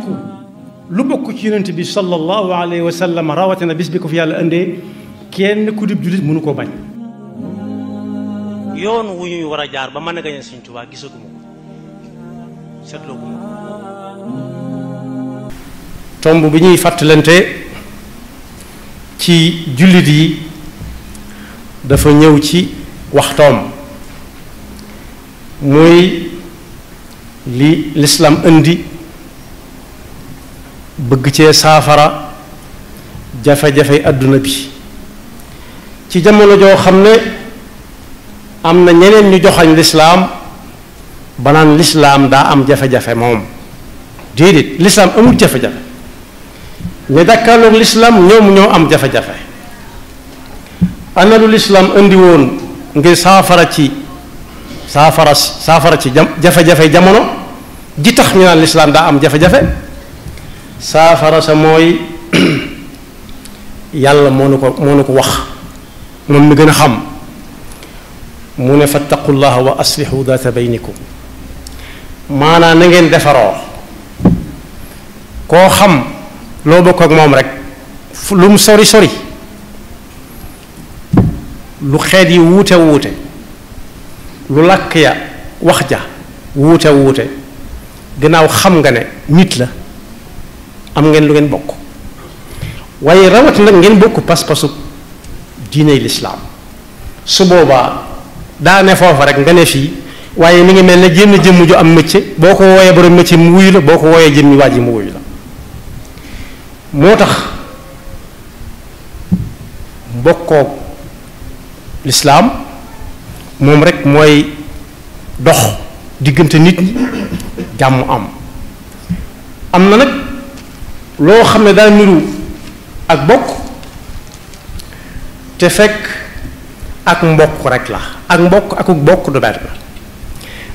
fàttaliku lu bokk ci yonent bi sallallahu wa sallam bis bi ko yàlla indee kenn mënu koo bañ. war a jaar ba mën a gañe Sëñ Tuubaa gisaguma tomb bi ñuy fàttalante ci jullit yi dafa ñëw ci waxtoom muy li lislaam indi. bëgg cee saafara jafe-jafe àdduna bi ci jamono joo xam ne am na ñeneen ñu joxañ lislaam banaan lislaam daa am jafe-jafe moom déedéet lislaam amul jafe-jafe ña jàkkaarloog lislaam ñoom ñoo am jafe-jafe ana lu lislaam indi woon ngir saafara ci saafara saafara ci jafe-jafe jamono ji tax ñu naan lislaam daa am jafe-jafe saafara sa mooy yàlla moo nu ko moo nu ko wax moom mi gën a xam mu ne fattaqullaha wa aslihu data baynikum maanaa na ngeen defaroo koo xam loo bokk ak moom rek lu mu sori sori lu xeet yi wuute wuute lu làkk ya wax ja wuute wuute gannaaw xam nga ne nit la am ngeen lu ngeen bokk waaye rawati nag ngeen bokk pas-pasu diine l'islam su boobaa daa ne foofa rek nga ne fii waaye mi ngi mel ne génn jëmm ju am métier boo ko wooyee borom métier mu wuyu la boo ko wooyee jëmmi waa ji mu wuyu la moo tax mbokkoo rek mooy dox diggante nit ñi jàmm am am na lo xamne da niru ak bok te fek ak mbok rek la ak mbokk ak bok du benn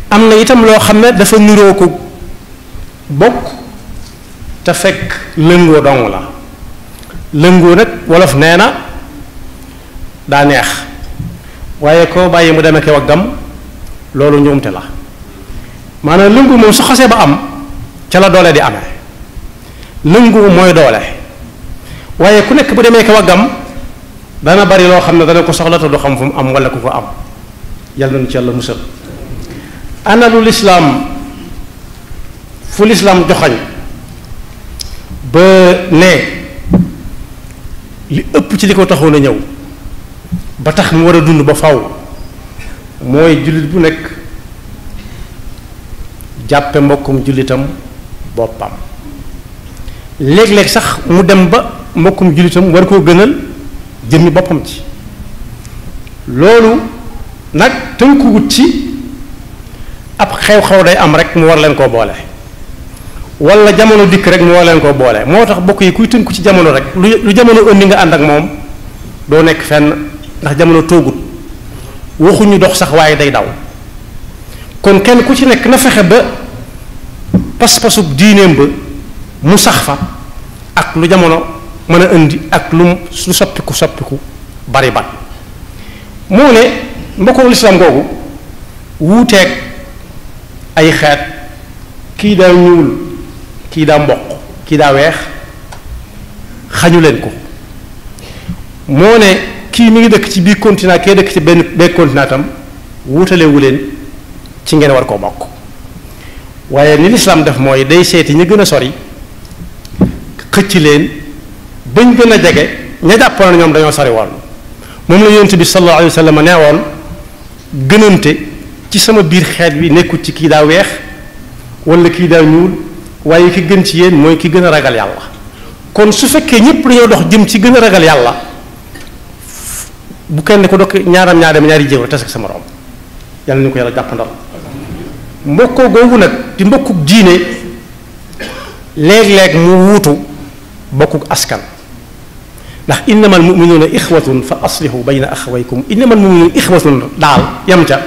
amna itam lo xamne ne dafa niro ko bok te fek lengo dong la lengo nak wolof neena da neex waye ko baye mu demee ko gam lolou ñoomte la maanaam lëngu mo su xasse ba am ci la doole di amee nangu mooy doole waaye ku nekk bu demee ko waggam dana bari loo xam ne dana ko soxla te du xam fu mu am wala ku ko am yàlla nañu ci yàlla musal ana lu lislaam fu lislaam joxañ ba ne li ëpp ci li ko taxoon a ñëw ba tax mu war a dund ba faw mooy jullit bu nekk jàppe mbokkum jullitam boppam léeg-léeg sax mu dem ba mbokkum jullitam war koo gënal jëmmi boppam ci loolu nag tënkuwut ci ab xew-xew day am rek mu war leen koo boole wala jamono dikk rek mu war leen koo boole moo tax bokk yi kuy tënku ci jamono rek lu jamono ëndi nga ànd ak moom doo nekk fenn ndax jamono toogut waxuñu dox sax waaye day daw kon kenn ku ci nekk na fexe ba pas-pasub diineem ba mu sax fa ak lu jamono mën a indi ak lu lu soppiku soppiku bari ban moo ne mbokku lislaam googu wuuteeg ay xeet kii daa ñuul kii daa mboq kii daa weex xañu leen ko moo ne kii mi ngi dëkk ci biir continent kee dëkk ci benn benn continent wuutalewu leen ci ngeen war koo bokk waaye ni lislaam def mooy day seeti ñu gën a sori xëcc leen bañ gën a jege ña jàppoon ñoom dañoo sori woon moom la yonent bi sallallahu alayhi wa sallam nee woon gënante ci sama biir xeet wi nekkul ci kii daa weex wala kii daa ñuul waaye ki gën ci yéen mooy ki gën a ragal yàlla kon su fekkee ñépp dañoo dox jëm ci gën a ragal yàlla bu kenn ku dokk ñaaram ñaar dem ñaari jéego tas ak sa morom yàlla ni ko yàlla jàppandal mbokkoo googu nag di mbokkuk diine léeg-léeg mu wuutu bokkuk askan ndax innamal muminuuna ixwatun fa aslihu bayna axawaykum innamal muminuuna ixwatun daal yam ca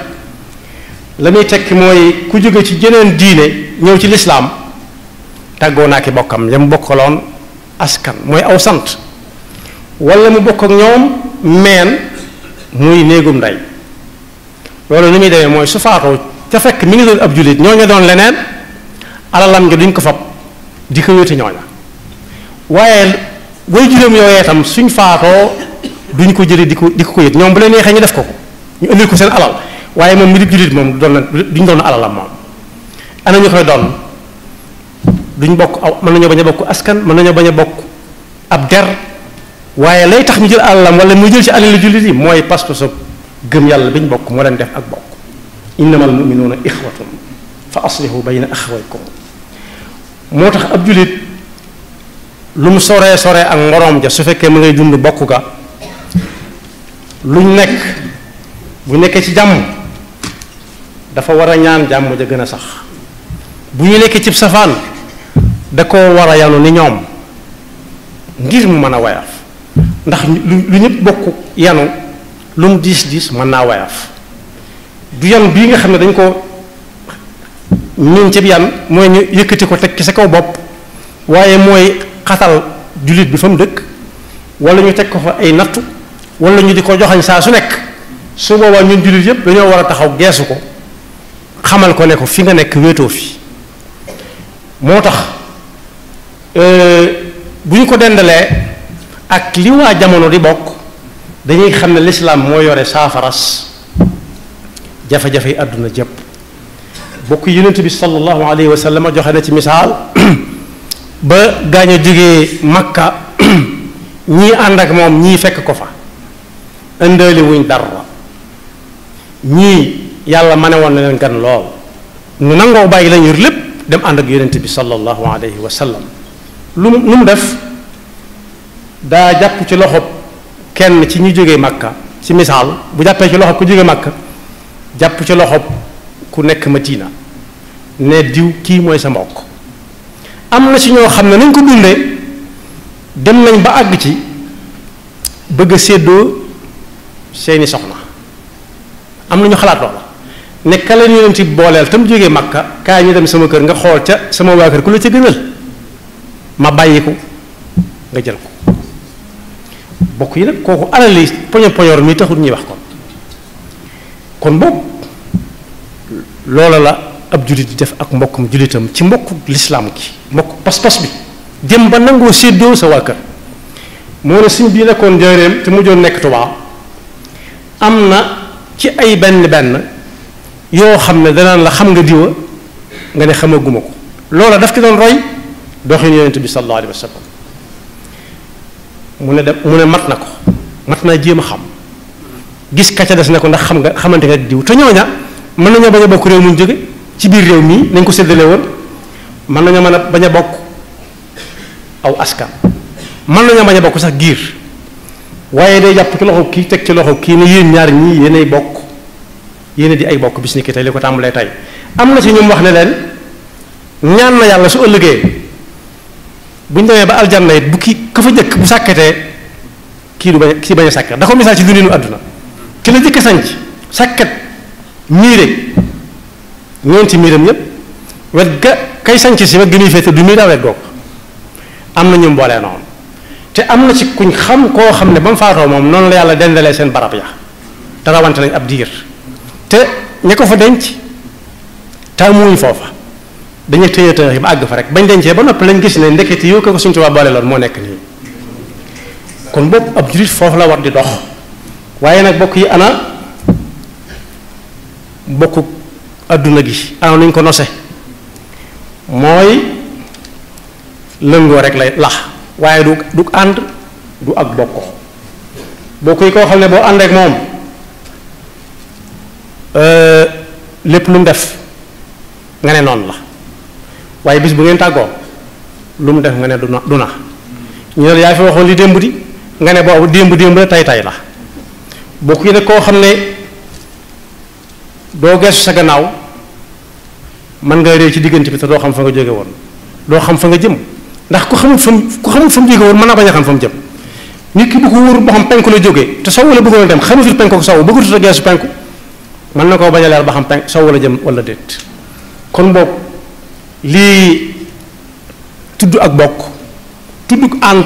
la muy tekki mooy ku jóge ci jeneen diine ñëw ci lislaam tàggoo naa ki bokkam la mu bokkaloon askan mooy aw sant wala mu bokk ak ñoom meen muy néegum ndey loolu ni muy demee mooy su faatoo ca fekk mi ngi doon ab jullit ñoo ña doon leneen alalam nga duñ ko fab di ko wéete ñooña waaye way juróom yooyee itam suñ faatoo duñ ko jëlee di ko di ko ko yëg ñoom bu leen neexee ñu def ko ko ñu indil ko seen alal waaye moom mi di jullit moom doon na duñ doon alalam moom ana ñu koy doon duñ bokk aw mën nañoo bañ a bokk askan mën nañoo bañ a bokk ab der waaye lay tax ñu jël alalam wala mu jël ci alalu jullit yi mooy pas-pasu gëm yàlla bi ñu bokk moo leen def ak bokk innamal muminuuna ixwatun fa aslihu bayna axawaykum moo tax ab jullit Lum sore sore ak ngorom ja su fekke ma ngay dund bokku ga luñ nek bu nekk ci jamm dafa wara ñaan jamm ja gëna sax bu ñu nekk ci safaan da ko wara yalu dis ni ñom ngir mu mëna wayaf ndax lu ñepp bokku yanu lum dis dis man na wayaf du yan bi nga xamne dañ ko ñun cib yan moy ñu yëkëti ko tek ci sa kaw bop waye moy xatal jullit bi fa mu dëkk wala ñu teg ko fa ay nattu wala ñu di ko joxañ saa su nekk su boobaa ñun jullit yëpp dañoo war a taxaw geesu ko xamal ko ne ko fi nga nekk wéetoo fi moo tax euh, bu ñu ko dendalee ak li waa jamono di bokk dañuy xam ne lislaam moo yore saafaras jafe-jafe yi àdduna jëpp bokk yonent bi sallallahu alayhi wa joxe na ci misaal ba gaañu jógee makka ñii ànd ak moom ñii fekk ko fa indaali dara ñii yàlla ma ne woon na leen gan lool nu nangoo bàyyi lañ yor lépp dem ànd ak yonent bi sallallahu alayhi wa sallam lu mu lu def daa jàpp ci loxob kenn ci ñu jógee makka ci misaal bu jàppee ci loxob ku jógee makka jàpp ci loxob ku nekk ma madina ne diw kii mooy sa mbokk am na si ñoo xam ne nañ ko dundee dem nañ ba àgg ci bëgg a séddoo seeni soxna am na ñu xalaat loolu ne kala ñu ci booleel tam jógee Makka kaay ñu dem sama kër nga xool ca sama waa kër ku la ca gënal ma bàyyi ko nga jël ko bokk yi nag kooku alal yi poño poñoor mi taxul ñuy wax kon kon boobu loola la ab julit def ak mbokum julitam ci mbokku l'islam ki mbok pas-pas bi dem ba nango seddo sa waka mo la ne suñ bii nekkoon njaareem te mujjoon nekk tubaa am na ci ay ben ben yo xamne da nan la xam nga diwa nga ne xamagumako lola daf ci don roy doxin yonente bi sallallahu alaihi wasallam mune dem mune mat nako mat na jema xam gis ka des nako ndax xam nga xamante nga diw te ñoña man nañu bañ bokku rew réew muñ ci biir réew mi dañ ko séddale woon mën nañoo mën a bañ a bokk aw askan mën nañoo bañ a bokk sax giir waaye day jàpp ci loxo kii teg ci loxo kii ne yéen ñaar ñii yéenay bokk yéen di ay bokk bis ni tey li ko tàmbalee tey am na si ñum wax ne leen ñaan na yàlla su ëllëgee bu ñu demee ba aljanna it bu ki ka fa njëkk bu sàkkatee kii du bañ kii bañ a sàkkat da ko misaal ci dundinu àdduna ki la jëkk sanc sàkkat miire ñeenti miiram yëpp wet ga kay sanc si wet gi muy féete du miira wet googu am na ñu mboolee noonu te am na ci kuñ xam koo xam ne ba mu faatoo moom noonu la yàlla dendalee seen barab ya te rawante nañ ab diir te ña ko fa denc taamuwuñ foofa dañuy tëye tëye ba àgg fa rek bañ dencee ba noppi lañ gis ne ndekete yow ko suñu tubaab boole loon moo nekk nii kon boobu ab jurit foofu la war di dox waaye nag bokk yi ana bokk adduna gi anam nañ ko nose mooy lëngoo rek lay lax waaye du du ànd du ak bokk bokk yi koo xam ne boo ànd ak moom euh, lépp lu def nga ne noonu la waaye bis bu ngeen tàggoo lu mu def nga ne du na du na ñu ne yaa fi waxoon li démb di nga ne boo démb démb tay tay la bokk yi nag koo xam ne doo geesu sa gannaaw man ngay réew ci digënté bi te do xam fa nga jëgé won do xam fa nga jëm ndax ku xamul fam ku xamul fam jóge woon mën naa bañ a xam fam jëm nit ki bu ko wóor boo xam penku la jógee te sow la bëggoon dem xamu fi penku saw tuta penku man na leer ba xam penku saw wala jëm wala déet kon bok li tuddu ak bok tuddu ak and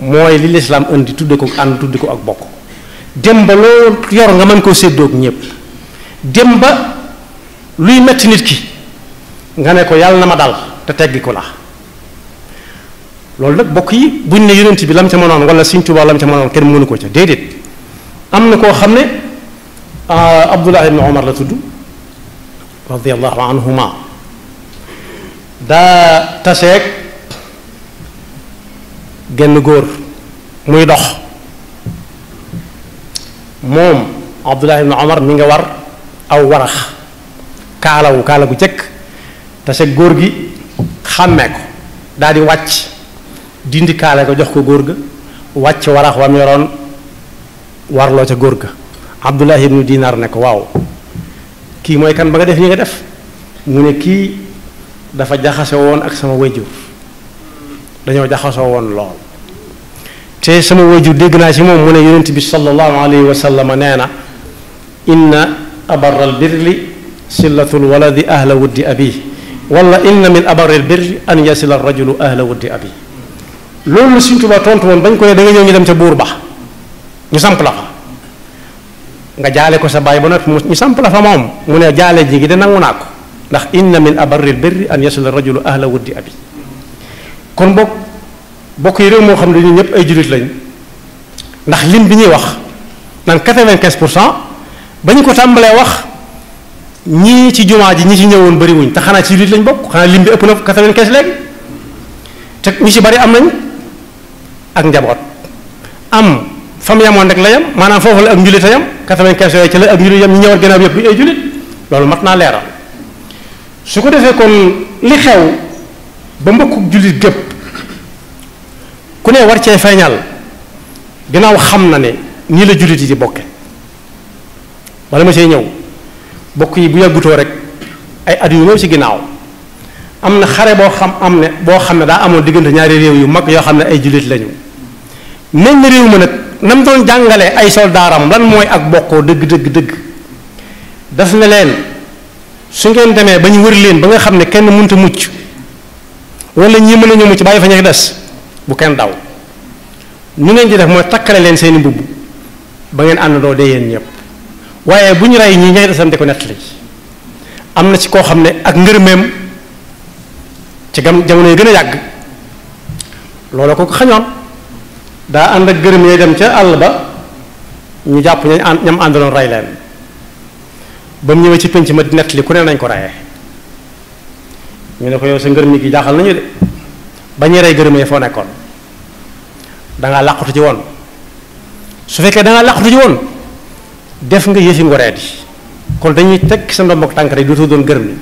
moy li l'islam andi tuddu ko and tuddu ko ak bok dem ba loo yor nga ko seddo ak ñëpp dem ba luy metti nit ki nga ne ko yàlla na ma dal te teggiku la loolu nag bokk yi buñ ne yonent bi lam ca mënoon wala Sëriñ Tuubaa lam ca mënoon kenn mënu ko ca déedéet am na koo xam ne ah, Abdullah ibn Omar la tudd radiallahu anhuma daa taseeg genn góor muy dox moom Abdullah ibn Omar mi nga war aw warax kaalawu kaala bu jëkk tase góor gi xàmmee ko daal di wàcc dindi kaale ko jox ko góor ga wàcc warax wam yoroon warloo ca góor ga abdullah ibnu dinar ne ko waaw kii mooy kan ba def ni nga def mu ne kii dafa jaxase woon ak sama wajur dañoo jaxasoo woon lool te sama wajur dégg naa ci moom mu ne yonent bi sallallahu alayhi wa nee na inna abarral birri sillatul waladi ahla wuddi abi wala إن من أبر البر أن يصل الرجل أهل ود أبي loolu la Sëriñ Tuubaa tontu woon bañ ko ne da nga ñëw ñu dem ca buur nga jale ko sa baay ba noppi ni samp la fa mom mu ne jale ji gi de nangou naa ndax inna min abaril birri an yasila arrajulu ahla waddi abi kon bok bok yi rew mo xam dañu ñep ay jullit lañ ndax lim bi ñuy wax nan 95% bañ ko tambalé wax ñii ci jumaa ji ñi ci ñëwoon bëriwuñ te xanaa ci lit lañ bokk xanaa lim bi ëpp na quatre-vingt-quinze te ñu ci bari am nañ ak njaboot am fam yamoon rek la yam maanaam foofu la ak njulit a yam quatre-vingt-quinze yooyu ci la ak njulit yam ñu ñëwaat gannaaw yëpp ay julit loolu mat naa leeral su ko defee kon li xew ba mbokku julit gépp ku ne war cee feeñal ginnaaw xam na ne nii la julit yi di bokke wala ma see ñëw bokk yi bu yàggutoo rek ay at yu néew ci ginnaaw am na xare boo xam am ne boo xam ne daa amoon diggante ñaari réew yu mag yoo xam ne ay jullit lañu mel na réew ma nam doon jàngalee ay soldaaram lan mooy ak bokkoo dëgg dëgg dëgg daf ne leen su ngeen demee ba ñu wër leen ba nga xam ne kenn mënta mucc wala ñi mën nañu mucc bàyyi fa ñeex des bu kenn daw ñu ngeen di def mooy takkale leen seeni mbubb ba ngeen àndandoo dee yéen ñëpp waaye bu ñu rey ñii ñay desam di ko nettali am na ci koo xam ne ak ngërmeem ci gam jamono yi gën a yàgg loola ko ko xañoon daa ànd ak gërëm yay dem ca àll ba ñu jàpp ñañ ànd ñam àndaloon rey leen ba mu ñëwee ci penc ma di nettali ku ne nañ ko reyee ñu ne ko yow sa ngërëm gi jaaxal nañu de ba ñuy rey gërëm foo nekkoon da ngaa ci woon su fekkee da ngaa làqutu ci woon def nga yëfi ngoreet yi kon dañuy teg sa ndombok tànk rek dootoo doon gërëm ni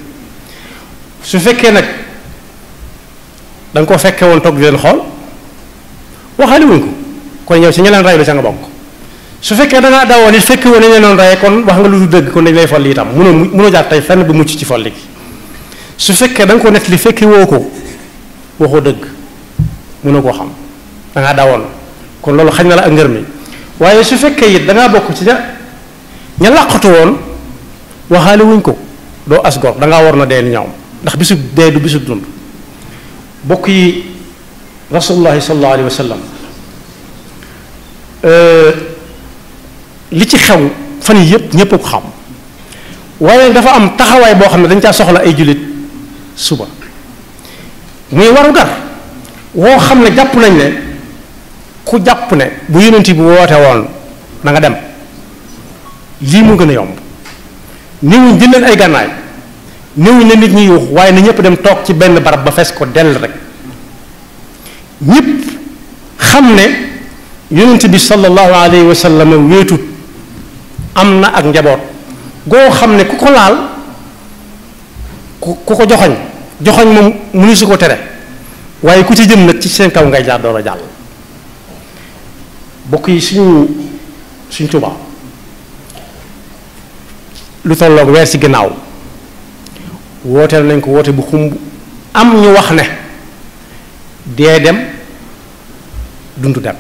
su fekkee nag da nga ko fekkee woon toog di leen xool waxaale wuñ ko kon yow si ña leen sa nga bokk su fekkee da ngaa dawoon it fekkee woon nañ kon wax nga lu du dëgg kon dañ lay folli itam mu mënoo jaar tey fenn bu mucc ci folli gi su fekkee da nga ko nekk li fekkee woo ko waxoo dëgg mënoo koo xam da ngaa dawoon kon loolu xañ na la ak ngër waaye su fekkee it da bokk ci ña. ña làqatu woon waxaale wuñ ko doo as gor war na dee ni ñoom ndax bisub dee du bisub dund bokk yi rasulullahi sallallahu alayhi wa eh, ci xew fan yi yëpp ñëpp dafa am taxawaay boo xam ne dañ caa soxla ay jullit suba muy waru woo xam ne jàpp nañ ne ku jàpp ne bu yonent bu woote woon na nga dem lii mu gën a yomb néewuñ jënd ay gànnaay néewuñ ne nit ñi yuux waaye na ñëpp dem toog ci benn barab ba fees ko dell rek ñëpp xam ne yonent bi sallallahu alayhi wa sallam wéetut am na ak njaboot goo xam ne ku ko laal ku ku ko joxoñ joxoñ moom mu ni su ko tere waaye ku ci jëm nag ci seen kaw ngay jaar door a jàll bokk yi suñu suñ Tuubaa lu tolloog weer ci ginnaaw wooteel nañ ko woote bu xumb am ñu wax ne dee dem dund dem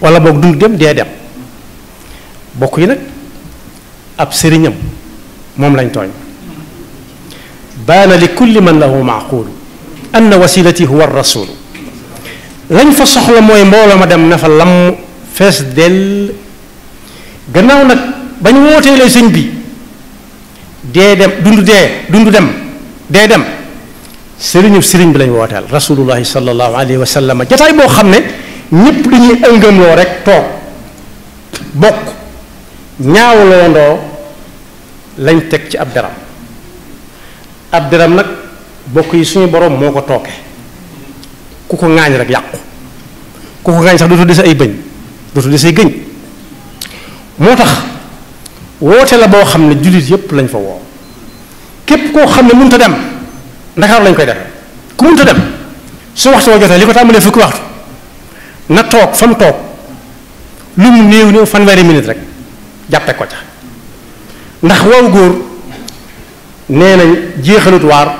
wala boog dund dem dee dem bokk yi nag ab sëriñam moom lañ tooñ na li kulli man lahu maaqulu anna wasilati huwa rasulu lañ fa soxla mooy mbooloo ma dem na fa lamm fees dell gannaaw nag bañ wootee lay sëñ bi dee dem dund dee dund dem dee dem sëriñu sëriñ bi lañu wooteel rasulullahi sallallahu alayhi wa sallam jataay boo xam ne ñépp dañuy ëngëmloo rek toog bokk ñaawloondoo lañ teg ci ab deram ab deram nag bokk yi suñu borom moo ko tooke ku ko ŋaañ rek yàqu ku ko ŋaañ sax dootu des ay bëñ dootu des ay gëñ moo tax wote la bo xamne julit yep lañ fa wo kep ko xamne ne ta dem ndakaaru lañ koy def ku ta dem su waxtu wa jotee li ko tàmbalee fukki waxtu na tok fam tok lu mu néew néew fanweeri minute rek jàppe ko ca ndax waw góor nee nañ jeexalut waar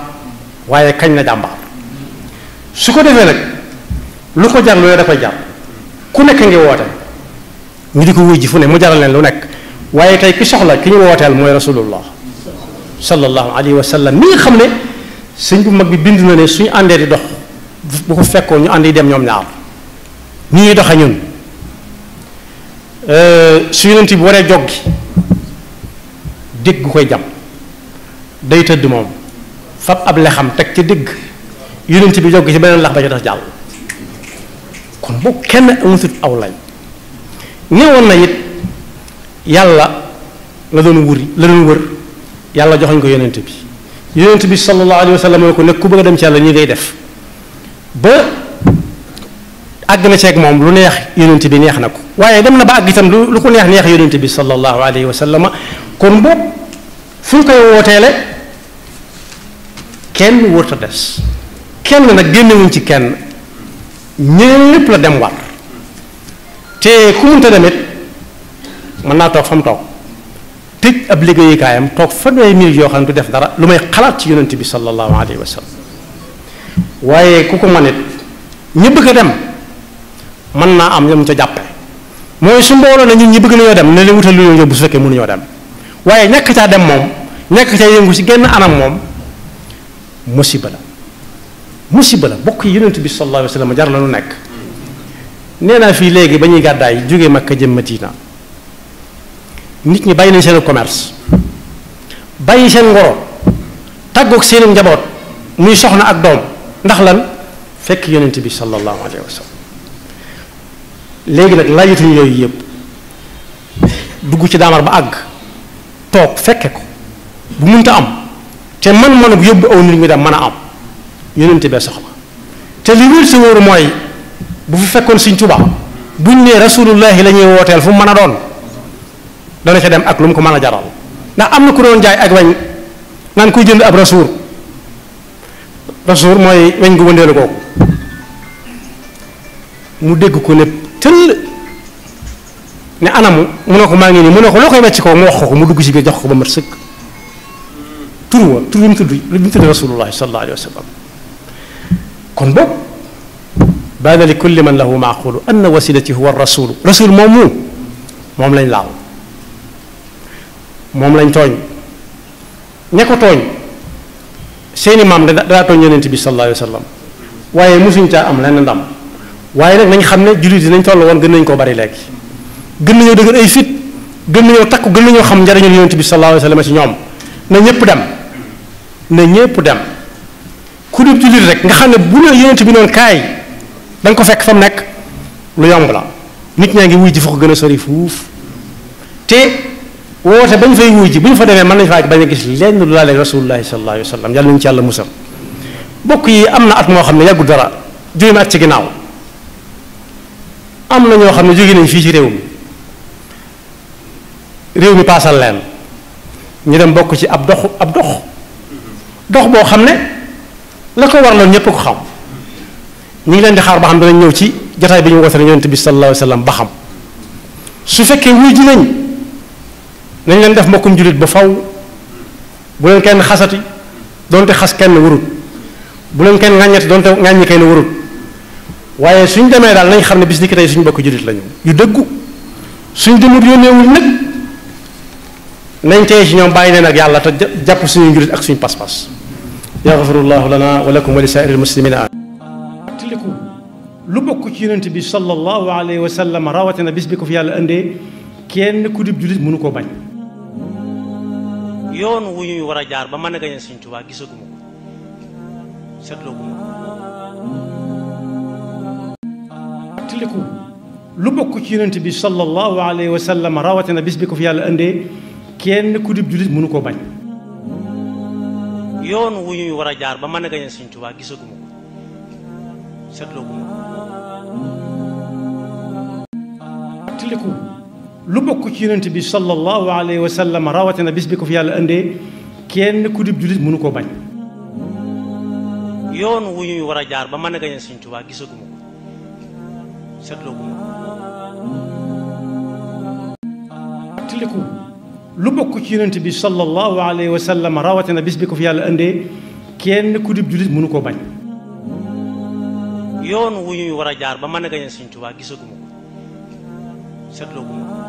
waaye kañ na jamba su ko defé nak lu ko jar looy da koy jar ku nek nga woote ñu diko ko wuy ji fu ne mu jaral len lu nek waye tay ki soxla ki ñu wotal moy rasulullah sallallahu alayhi wa sallam mi xamne sëñ bu mag bi bind na ne suñu andé di dox bu ko fekko ñu ànd dem ñom ñaar ñi doxa ñun euh suñu yonent bu waree joggi dégg koy jam day teud mom fab ab lexam tek ci dégg yonent bi joggi ci benen lax ba ci tax jàll kon bu kenn amatul aw lay ñewon na yit yàlla la doon wuri la doon wër yàlla joxañ ko yonent bi yonent bi sallallahu alayhi wa sallam ne ko nekk ku bëgg a dem ci yàlla ñi ngay def ba àgg na ceeg moom lu neex yonent bi neex na ko waaye dem na ba àgg itam lu lu ko neex neex yonent bi sallallahu alayhi wa sallam kon boobu fu ñu koy wooteele kenn wërta des kenn nag génnewuñ ci kenn ñeen lépp la dem war te ku munta demit mën naa toog fa mu toog tëj ab liggéeyukaayam toog fanweeri minute yoo xam ne du def dara lu may xalaat ci yonent bi sallallahu alayhi wa sallam waaye ku ko mën it ñi bëgg a dem mën naa am ñoom ca jàppe mooy su mbooloo na ñun ñi bëgg nañoo dem ne leen wutal lu ñu yóbbu su fekkee mënuñoo dem waaye ñàkk caa dem moom ñàkk caa yëngu ci genn anam moom musiba la musiba la bokk yi yonent bi sallallahu alayhi wa jar la nu nekk nee naa fii léegi ba ñuy gàddaay jógee Makka jëm Madina nit ñi bayina nañ seen commerce bayi seen ngoro tàggoog seen njabot muy soxna ak dom ndax lan fekk yonent bi sallallahu alayhi wasallam legi nak nag laajatuñu yooyu yëpp dugg ci damar ba ag toog fekke ko bu munta am te man man bu yóbbu aw nit ñi dem mën am yonent bee soxna te li wul si wóoru moy bu fi fekkon seigne touba buñ ne rasulullah lañuy wotel fu mu doon dana ca dem ak lu mu ko mën a jaral ndax am na ku doon jaay ak weñ naan kuy jënd ab rasuur rasuur mooy weñ gu wëndeelu googu mu dégg ko ne tëll ne anamu mu ne ko maa ngi nii mu ne ko loo koy wecc ko mu wax ko mu dugg ci biir jox ko ba mat sëkk tur wa tur bi mu tudd bi mu tudd rasulullah sallallahu alayhi wa sallam kon boobu baada li kulli man lahu maaqulu anna wasilati huwa rasul rasul moom mu moom lañ laaw moom lañ tooñ ña ko tooñ seeni maam da daa tooñ yonent bi sallallahu alayhi wa sallam waaye mosuñ caa am lenn ndam waaye nag nañ xam ne jullit yi nañ toll woon gën nañ koo bari léegi gën nañoo dëgër ay fit gën nañoo takk gën nañoo xam njariñul yonent bi sallallahu alayhi wa sallam ci ñoom na ñépp dem na ñépp dem ku dul jullit rek nga xam ne bu ne yonent bi noonu kaay da ko fekk fa mu nekk lu yomb la nit ñaa ngi wuy ji ko gën a sori fuuf te woote bañ fay wuy ji bu ñu fa demee mën nañ faa bañ a gis lenn lu laale rasulullahi sallallahu alayhi wa sallam yàlla nañu ci yàlla musal bokk yi am na at moo xam ne yàggu dara juróomi at ci ginnaaw am na ñoo xam ne jóge nañ fii ci réew mi réew mi paasal leen ñu dem bokk ci ab dox ab dox dox boo xam ne la ko waraloon ñëpp ko xam ñu ngi leen di xaar ba xam danañ ñëw ci jotaay bi ñu woote ne yonent bi sallallahu alayhi wa sallam ba xam su fekkee wuy ji nañ nañ leen def mbokkum julit ba faw bu leen kenn xasati donte xas kenn wurut bu leen kenn ŋàññati donte ŋàññi kenn wurut waaye suñ demee daal nañ xam ne bis ni tey suñ bokk julit lañu yu dëggu suñ demut yónneewul nag nañ tey ci ñoom bàyyi leen ak yàlla te jàpp suñu julit ak suñ pas-pas yaxfirullahu lana wa lakum wa lisairi saa'iri lmuslimina amin lu bokk ci yonent bi sallallahu alayhi wa sallam rawatina bis bi ko fi yàlla indee kenn ku dib julit mënu ko bañ yoon wu ñuy war a jaar ba mën a gañe Sëñ Tuubaa gisaguma ko seetlooguma ko tiliku lu bokk ci yonent bi sallallahu alayhi wa sallam rawatina bis bi ko fi yàlla indee kenn ku dib jullit mënu koo bañ yoon wu ñuy war a jaar ba mën a gañe Sëñ Tuubaa gisaguma ko seetlooguma ko tiliku lu bokk ci yonent bi sallallahu alayhi wa sallam rawatina bis bi ko fi yàlla indee kenn ku dib jullit mënu koo bañ. yoon wu ñuy war jaar ba mën gañe Sëñ Tuubaa gisaguma ko seetlooguma ko. tiliku lu bokk ci yonent bi sallallahu alayhi wa sallam rawatina bis bi ko fi yàlla kenn ku dib bañ. yoon wu ñuy war jaar ba mën gañe Sëñ gisaguma ko